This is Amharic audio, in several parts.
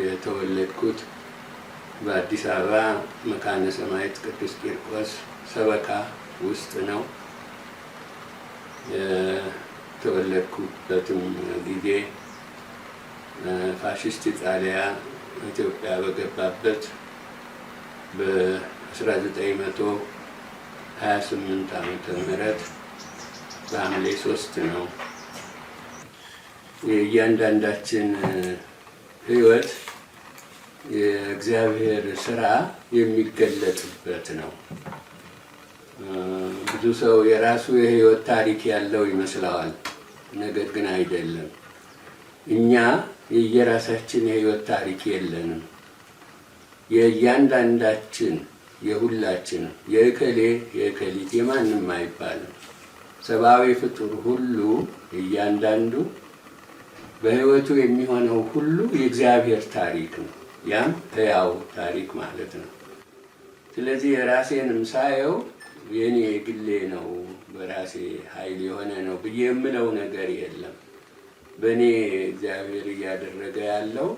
የተወለድኩት በአዲስ አበባ መካነ ሰማዕት ቅዱስ ቂርቆስ ሰበካ ውስጥ ነው። የተወለድኩበትም ጊዜ ፋሽስት ኢጣሊያ ኢትዮጵያ በገባበት በ1928 ዓመተ ምህረት በሐምሌ ሶስት ነው። እያንዳንዳችን ህይወት የእግዚአብሔር ስራ የሚገለጽበት ነው። ብዙ ሰው የራሱ የህይወት ታሪክ ያለው ይመስለዋል። ነገር ግን አይደለም። እኛ የየራሳችን የህይወት ታሪክ የለንም። የእያንዳንዳችን የሁላችን የእከሌ የእከሊት የማንም አይባልም። ሰብአዊ ፍጡር ሁሉ እያንዳንዱ በህይወቱ የሚሆነው ሁሉ የእግዚአብሔር ታሪክ ነው። ያም ህያው ታሪክ ማለት ነው። ስለዚህ የራሴንም ሳየው የኔ ግሌ ነው በራሴ ኃይል የሆነ ነው ብዬ የምለው ነገር የለም። በእኔ እግዚአብሔር እያደረገ ያለው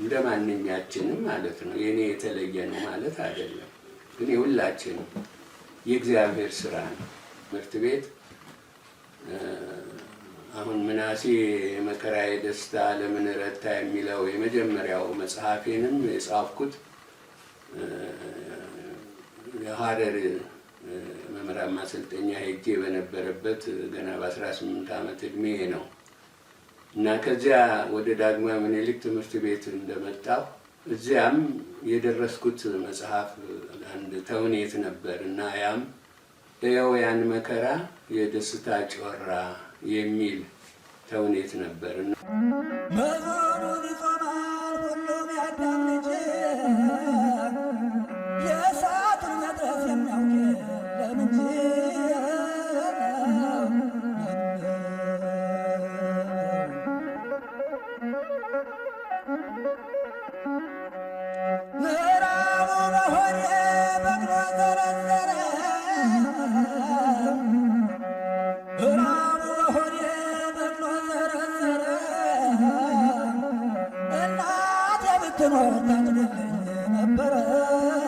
እንደ ማንኛችንም ማለት ነው። የእኔ የተለየ ነው ማለት አይደለም። ግን የሁላችንም የእግዚአብሔር ስራ ነው። ትምህርት ቤት አሁን ምናሴ መከራ ደስታ ለምን ረታ የሚለው የመጀመሪያው መጽሐፌንም የጻፍኩት የሀረር መምህራን ማሰልጠኛ ሄጄ በነበረበት ገና በ18 ዓመት እድሜ ነው እና ከዚያ ወደ ዳግማዊ ምኒልክ ትምህርት ቤት እንደመጣሁ እዚያም የደረስኩት መጽሐፍ አንድ ተውኔት ነበር እና ያም ያው ያን መከራ የደስታ ጮራ የሚል ተውኔት ነበር። ምዕራቡ በሆነ በግሮ ዘረ ታጥኖ ታጥኖልኝ ነበረ